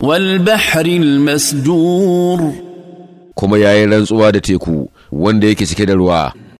والبحر المسجور kuma yayin rantsuwa da teku wanda yake cike da ruwa